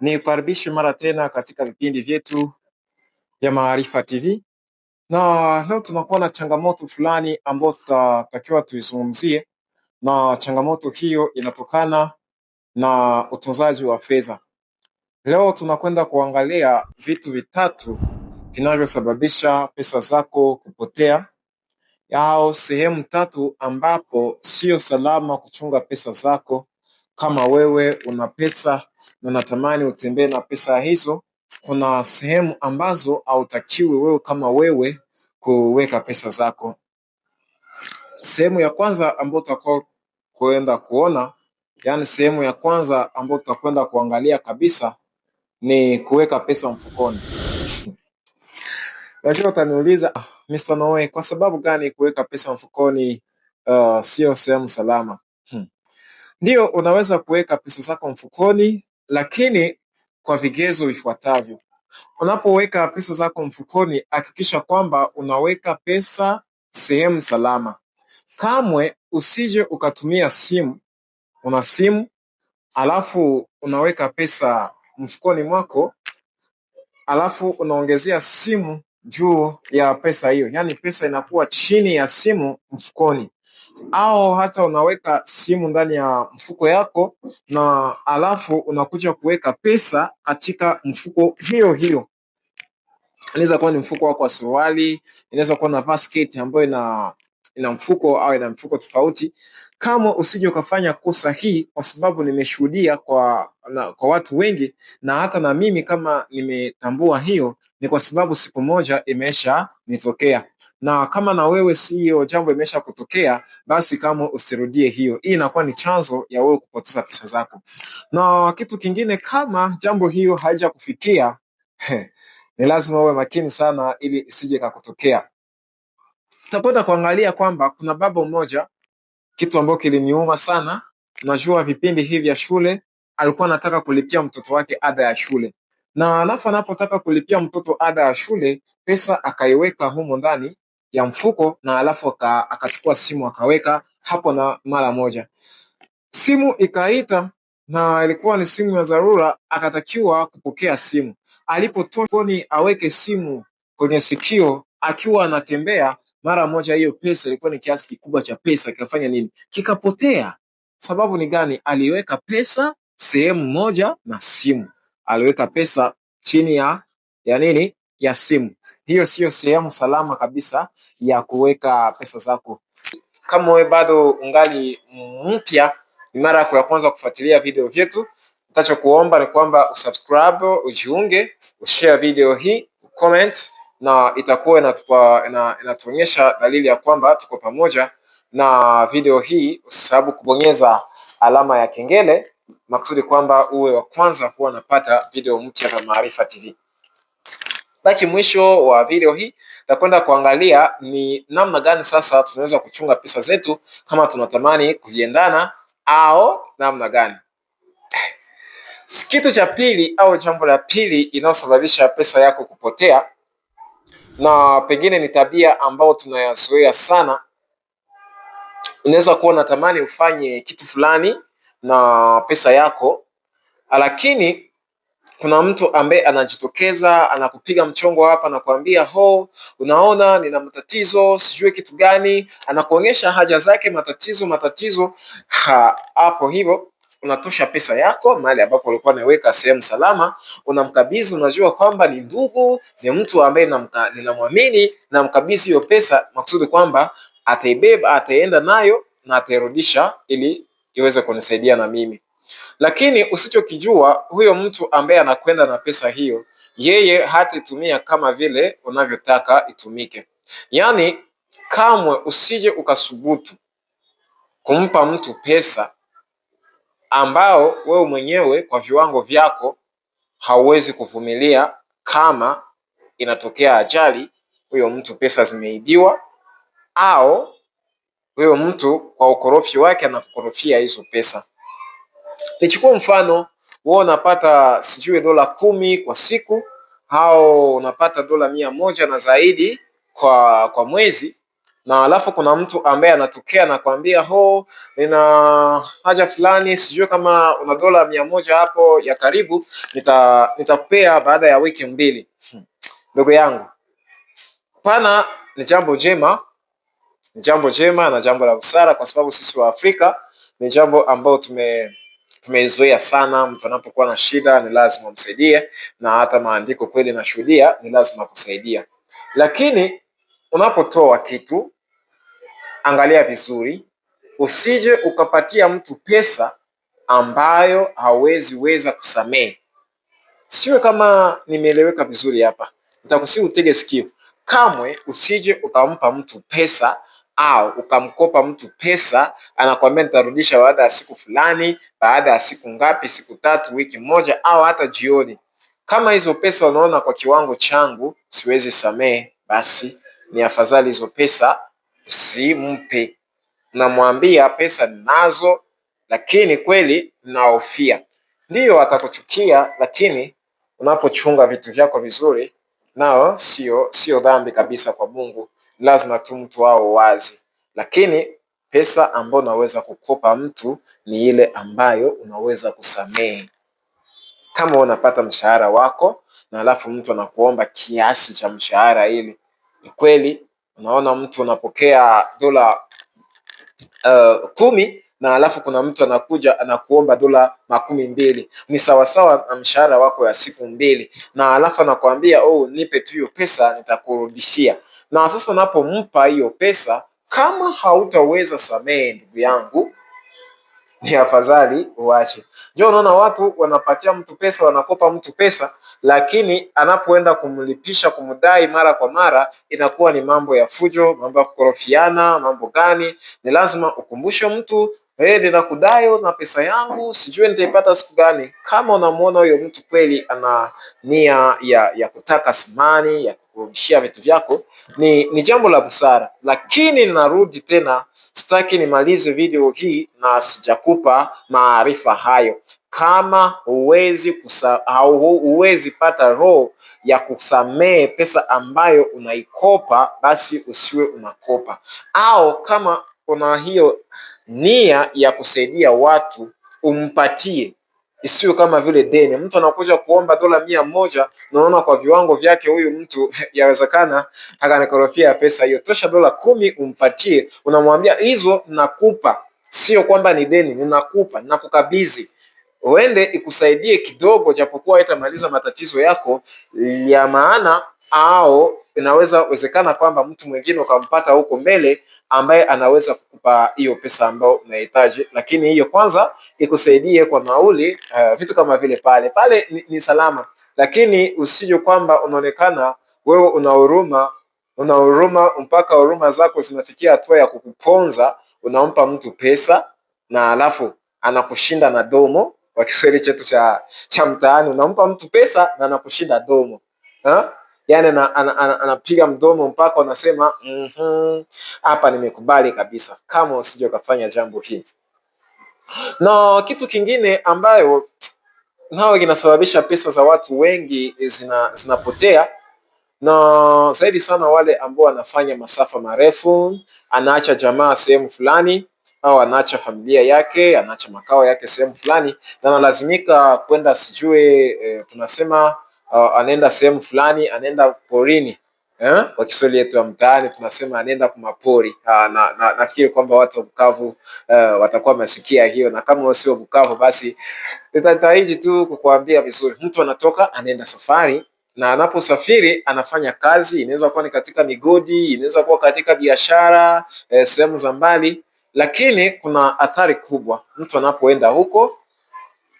Ni kukaribishe mara tena katika vipindi vyetu vya Maarifa TV, na leo tunakuwa na changamoto fulani ambayo tutatakiwa tuizungumzie, na changamoto hiyo inatokana na utunzaji wa fedha. Leo tunakwenda kuangalia vitu vitatu vinavyosababisha pesa zako kupotea au sehemu tatu ambapo sio salama kuchunga pesa zako kama wewe una pesa na natamani utembee na pesa hizo, kuna sehemu ambazo hautakiwi wewe kama wewe kuweka pesa zako. Sehemu ya kwanza ambayo utakuwa kuenda kuona, yani sehemu ya kwanza ambayo tutakwenda kuangalia kabisa ni kuweka pesa mfukoni. Najua utaniuliza ah, Mr. Noe, kwa sababu gani kuweka pesa mfukoni uh, sio sehemu salama? ndio unaweza kuweka pesa zako mfukoni, lakini kwa vigezo vifuatavyo. Unapoweka pesa zako mfukoni, hakikisha kwamba unaweka pesa sehemu salama. Kamwe usije ukatumia simu, una simu alafu unaweka pesa mfukoni mwako alafu unaongezea simu juu ya pesa hiyo, yaani pesa inakuwa chini ya simu mfukoni au hata unaweka simu ndani ya mfuko yako, na alafu unakuja kuweka pesa katika mfuko hiyo hiyo. Inaweza kuwa ni mfuko wako wa suruali, inaweza kuwa na basket ambayo ina ina mfuko au ina mfuko tofauti, kama usije ukafanya kosa hii, kwa sababu nimeshuhudia kwa na, kwa watu wengi na hata na mimi kama nimetambua hiyo, ni kwa sababu siku moja imesha nitokea na kama na wewe si hiyo jambo imesha kutokea, basi kama usirudie hiyo. Hii inakuwa ni chanzo ya wewe kupoteza pesa zako. Na kitu kingine, kama jambo hiyo haija kufikia ni lazima uwe makini sana, ili isije kakutokea. Tutapenda kuangalia kwamba kuna baba mmoja, kitu ambacho kiliniuma sana. Najua vipindi hivi vya shule, alikuwa anataka kulipia mtoto wake ada ya shule, na alafu anapotaka kulipia mtoto ada ya shule, pesa akaiweka humo ndani ya mfuko na alafu aka, akachukua simu akaweka hapo na mara moja. Simu ikaita na ilikuwa ni simu ya dharura, akatakiwa kupokea simu. alipotoni aweke simu kwenye sikio akiwa anatembea, mara moja hiyo pesa ilikuwa ni kiasi kikubwa cha pesa, kikafanya nini? Kikapotea. Sababu ni gani? Aliweka pesa sehemu moja na simu, aliweka pesa chini ya ya nini, ya simu hiyo siyo sehemu salama kabisa ya kuweka pesa zako. Kama wewe bado ungali mpya, ni mara yako ya kwanza kufuatilia video vyetu, nitachokuomba ni kwamba usubscribe, ujiunge, ushare video hii, comment na itakuwa inatuonyesha dalili ya kwamba tuko pamoja. Na video hii usisahau kubonyeza alama ya kengele maksudi kwamba uwe wa kwanza kuwa unapata video mpya za Maarifa TV. Baki mwisho wa video hii tutakwenda kuangalia ni namna gani sasa tunaweza kuchunga pesa zetu kama tunatamani kuviendana au namna gani. Kitu cha pili au jambo la pili inayosababisha pesa yako kupotea, na pengine ni tabia ambayo tunayazoea sana. Unaweza kuwa unatamani ufanye kitu fulani na pesa yako, lakini kuna mtu ambaye anajitokeza anakupiga mchongo hapa, anakuambia ho, unaona nina matatizo sijui kitu gani, anakuonyesha haja zake, matatizo matatizo. Hapo hivyo unatosha pesa yako mahali ambapo ulikuwa unaweka sehemu salama, unamkabidhi. Unajua kwamba ni ndugu, ni mtu ambaye ninamwamini, namkabidhi hiyo pesa maksudi kwamba ataibeba, ataenda nayo na atairudisha ili iweze kunisaidia na mimi. Lakini usichokijua huyo mtu ambaye anakwenda na pesa hiyo, yeye hatitumia kama vile unavyotaka itumike. Yaani kamwe usije ukasubutu kumpa mtu pesa ambao wewe mwenyewe kwa viwango vyako hauwezi kuvumilia. Kama inatokea ajali, huyo mtu pesa zimeibiwa, au huyo mtu kwa ukorofi wake anakukorofia hizo pesa. Nichukue mfano wewe unapata sijui dola kumi kwa siku au unapata dola mia moja na zaidi kwa kwa mwezi, na alafu kuna mtu ambaye anatokea na kuambia ho, oh, nina haja fulani, sijui kama una dola mia moja hapo ya karibu, nita nitakupea baada ya wiki mbili. Hmm. Ndugu yangu, pana ni jambo jema, ni jambo jema na jambo la busara, kwa sababu sisi wa Afrika ni jambo ambao tume Tumeizoea sana, mtu anapokuwa na shida ni lazima umsaidie, na hata maandiko kweli nashuhudia, ni lazima kusaidia. Lakini unapotoa kitu, angalia vizuri, usije ukapatia mtu pesa ambayo hawezi weza kusamehe. Sio kama nimeeleweka vizuri hapa, nitakusihi utege sikio. Kamwe usije ukampa mtu pesa au ukamkopa mtu pesa, anakuambia nitarudisha baada ya siku fulani, baada ya siku ngapi, siku tatu, wiki moja, au hata jioni. Kama hizo pesa unaona kwa kiwango changu siwezi samehe, basi ni afadhali hizo pesa usimpe. Namwambia pesa ninazo, lakini kweli naofia. Ndiyo atakuchukia, lakini unapochunga vitu vyako vizuri, nao sio sio dhambi kabisa kwa Mungu lazima tu mtu wao wazi, lakini pesa ambayo unaweza kukopa mtu ni ile ambayo unaweza kusamehe. Kama unapata mshahara wako na alafu mtu anakuomba kiasi cha mshahara ili ni kweli, unaona mtu unapokea dola uh, kumi na alafu kuna mtu anakuja anakuomba dola makumi mbili ni sawasawa na mshahara wako ya siku mbili, na alafu anakuambia oh, nipe tu hiyo pesa nitakurudishia. Na sasa unapompa hiyo pesa, kama hautaweza samehe, ndugu yangu ni afadhali uache. Ndio unaona watu wanapatia mtu pesa, wanakopa mtu pesa, lakini anapoenda kumlipisha, kumdai mara kwa mara, inakuwa ni mambo ya fujo, mambo ya kukorofiana, mambo gani. Ni lazima ukumbushe mtu hey, eh, ninakudayo na pesa yangu, sijui nitaipata siku gani. Kama unamwona huyo mtu kweli ana nia ya, ya kutaka simani ya kukurudishia vitu vyako, ni, ni jambo la busara, lakini narudi tena, sitaki nimalize video hii na sijakupa maarifa hayo. Kama huwezi kusa, huwezi pata roho ya kusamehe pesa ambayo unaikopa, basi usiwe unakopa, au kama una hiyo nia ya kusaidia watu umpatie, isiyo kama vile deni. Mtu anakuja kuomba dola mia moja naona kwa viwango vyake huyu mtu yawezekana akanikorofia pesa hiyo, tosha dola kumi umpatie, unamwambia hizo nakupa, sio kwamba ni deni, ninakupa, kukabidhi uende ikusaidie kidogo, japokuwa itamaliza matatizo yako ya maana au inaweza wezekana kwamba mtu mwingine ukampata huko mbele ambaye anaweza kukupa hiyo pesa ambayo unahitaji, lakini hiyo kwanza ikusaidie kwa nauli, uh, vitu kama vile pale pale ni, ni salama, lakini usije kwamba unaonekana wewe una huruma una huruma mpaka huruma zako zinafikia hatua ya kukuponza. Unampa mtu pesa na alafu anakushinda na domo, kwa Kiswahili chetu cha, cha mtaani, unampa mtu pesa na anakushinda domo ha? yani anapiga ana, ana, ana mdomo mpaka anasema mm-hmm, hapa, mm-hmm, nimekubali kabisa, kama usije ukafanya jambo hili. Na kitu kingine ambayo nao kinasababisha pesa za watu wengi zina, zinapotea na zaidi sana wale ambao wanafanya masafa marefu, anaacha jamaa sehemu fulani au anaacha familia yake, anaacha makao yake sehemu fulani, na analazimika kwenda sijue, e, tunasema uh, anaenda sehemu fulani, anaenda porini eh? Kwa Kiswahili yetu ya mtaani tunasema anaenda kumapori. Uh, ah, na, na nafikiri kwamba watu wa Bukavu uh, watakuwa wamesikia hiyo, na kama sio Bukavu basi nitajitahidi tu kukuambia vizuri. Mtu anatoka anaenda safari na anaposafiri anafanya kazi, inaweza kuwa ni katika migodi, inaweza kuwa katika biashara eh, sehemu za mbali, lakini kuna athari kubwa mtu anapoenda huko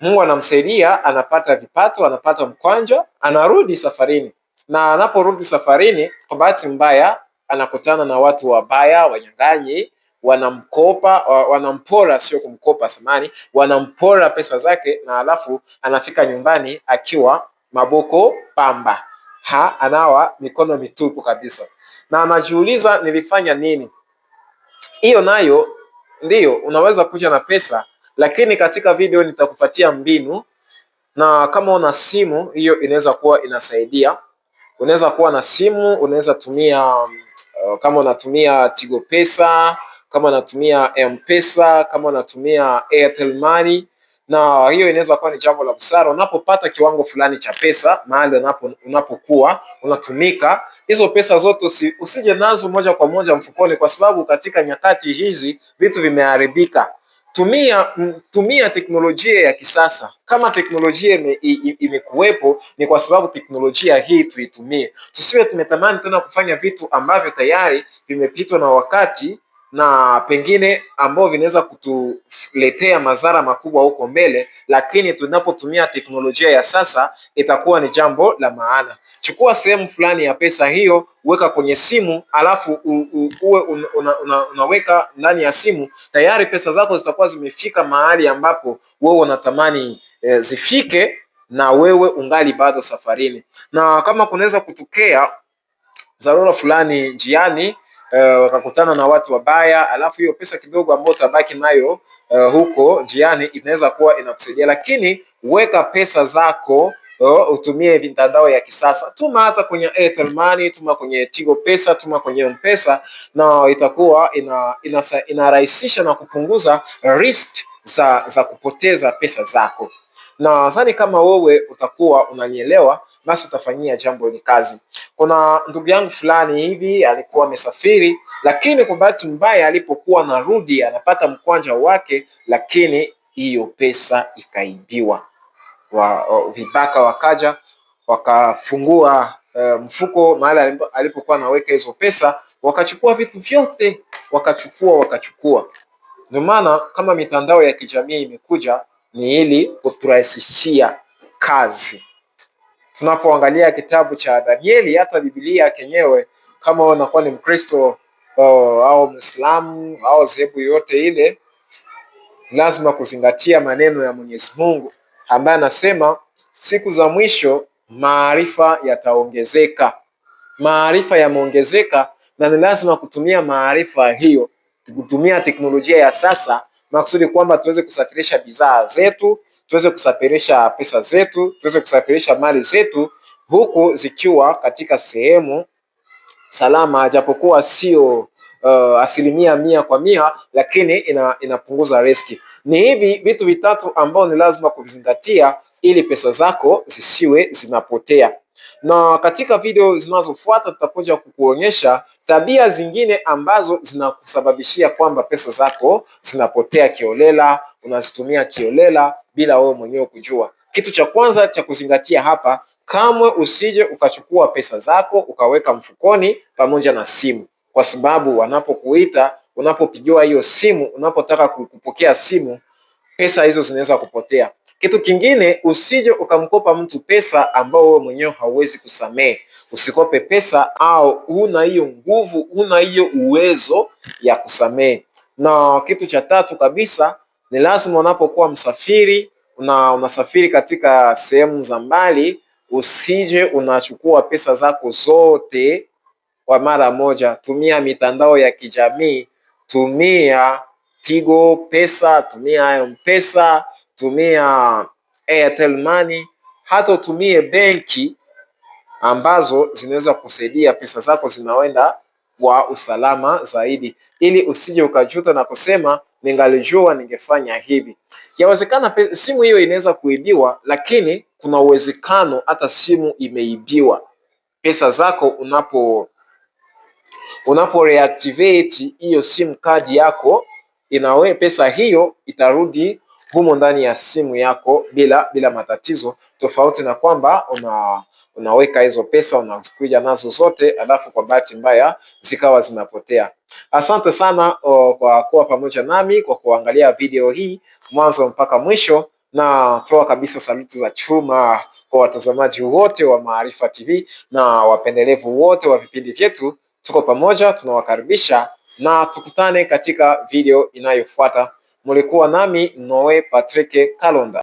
Mungu anamsaidia, anapata vipato, anapata mkwanjo, anarudi safarini, na anaporudi safarini, kwa bahati mbaya anakutana na watu wabaya, wanyang'anyi, wanamkopa, wanampora, sio kumkopa, samani, wanampora pesa zake, na alafu anafika nyumbani akiwa maboko pamba, ha, anawa mikono mitupu kabisa, na anajiuliza nilifanya nini? Hiyo nayo ndiyo unaweza kuja na pesa lakini katika video nitakupatia mbinu, na kama una simu hiyo inaweza kuwa inasaidia. Unaweza kuwa na simu, unaweza tumia uh, kama unatumia Tigo Pesa, kama unatumia M-Pesa, kama unatumia Airtel Money na hiyo inaweza kuwa ni jambo la busara. Unapopata kiwango fulani cha pesa mahali unapokuwa unatumika, hizo pesa zote usije nazo moja kwa moja mfukoni, kwa sababu katika nyakati hizi vitu vimeharibika. Tumia tumia teknolojia ya kisasa. Kama teknolojia imekuwepo ni kwa sababu teknolojia hii tuitumie, tusiwe tumetamani tena kufanya vitu ambavyo tayari vimepitwa na wakati na pengine ambao vinaweza kutuletea madhara makubwa huko mbele, lakini tunapotumia teknolojia ya sasa itakuwa ni jambo la maana. Chukua sehemu fulani ya pesa hiyo, weka kwenye simu, alafu uwe un, una, una, unaweka ndani ya simu, tayari pesa zako zitakuwa zimefika mahali ambapo wewe unatamani e, zifike, na wewe ungali bado safarini, na kama kunaweza kutokea dharura fulani njiani uh, wakakutana na watu wabaya, alafu hiyo pesa kidogo ambayo utabaki nayo uh, huko njiani inaweza kuwa inakusaidia, lakini weka pesa zako uh, utumie mitandao ya kisasa. Tuma hata kwenye Airtel Money, tuma kwenye Tigo Pesa, tuma kwenye Mpesa, na itakuwa inarahisisha ina, ina na kupunguza risk za, za kupoteza pesa zako, na nadhani kama wewe utakuwa unanielewa nasi utafanyia jambo ni kazi. Kuna ndugu yangu fulani hivi alikuwa amesafiri, lakini kwa bahati mbaya alipokuwa narudi anapata mkwanja wake, lakini hiyo pesa ikaibiwa. Wa, wa, vibaka wakaja wakafungua uh, mfuko mahali alipokuwa anaweka hizo pesa, wakachukua vitu vyote, wakachukua wakachukua. Ndio maana kama mitandao ya kijamii imekuja ni ili kuturahisishia kazi tunapoangalia kitabu cha Danieli, hata Biblia kenyewe, kama unakuwa ni Mkristo uh, au Mwislamu au dhehebu yoyote ile, lazima kuzingatia maneno ya Mwenyezi Mungu ambaye anasema siku za mwisho maarifa yataongezeka. Maarifa yameongezeka na ni lazima kutumia maarifa hiyo, kutumia teknolojia ya sasa maksudi kwamba tuweze kusafirisha bidhaa zetu tuweze kusafirisha pesa zetu, tuweze kusafirisha mali zetu huku zikiwa katika sehemu salama, japokuwa sio Uh, asilimia mia kwa mia lakini ina, inapunguza riski. Ni hivi vitu vitatu ambao ni lazima kuvizingatia ili pesa zako zisiwe zinapotea. Na katika video zinazofuata tutakuja kukuonyesha tabia zingine ambazo zinakusababishia kwamba pesa zako zinapotea kiolela, unazitumia kiolela bila wewe mwenyewe kujua. Kitu cha kwanza cha kuzingatia hapa, kamwe usije ukachukua pesa zako ukaweka mfukoni pamoja na simu, kwa sababu wanapokuita, unapopigiwa hiyo simu, unapotaka kupokea simu, pesa hizo zinaweza kupotea. Kitu kingine, usije ukamkopa mtu pesa ambao wewe mwenyewe hauwezi kusamehe. Usikope pesa au una hiyo nguvu, una hiyo uwezo ya kusamehe. Na kitu cha tatu kabisa ni lazima unapokuwa msafiri una, unasafiri katika sehemu za mbali, usije unachukua pesa zako zote kwa mara moja. Tumia mitandao ya kijamii, tumia Tigo Pesa, tumia Mpesa, tumia Airtel Money, hata utumie benki ambazo zinaweza kusaidia pesa zako zinaenda kwa usalama zaidi, ili usije ukajuta na kusema ningalijua ningefanya hivi. Yawezekana simu hiyo inaweza kuibiwa, lakini kuna uwezekano hata simu imeibiwa. Pesa zako unapo unapo reactivate hiyo sim kadi yako inawe, pesa hiyo itarudi humo ndani ya simu yako bila bila matatizo, tofauti na kwamba una unaweka hizo pesa unakuja nazo zote, alafu kwa bahati mbaya zikawa zinapotea. Asante sana o, kwa kuwa pamoja nami kwa kuangalia video hii mwanzo mpaka mwisho. Natoa kabisa saluti za chuma kwa watazamaji wote wa Maarifa TV na wapendelevu wote wa vipindi vyetu. Tuko pamoja, tunawakaribisha na tukutane katika video inayofuata mulikuwa nami Noe Patrick Kalonda.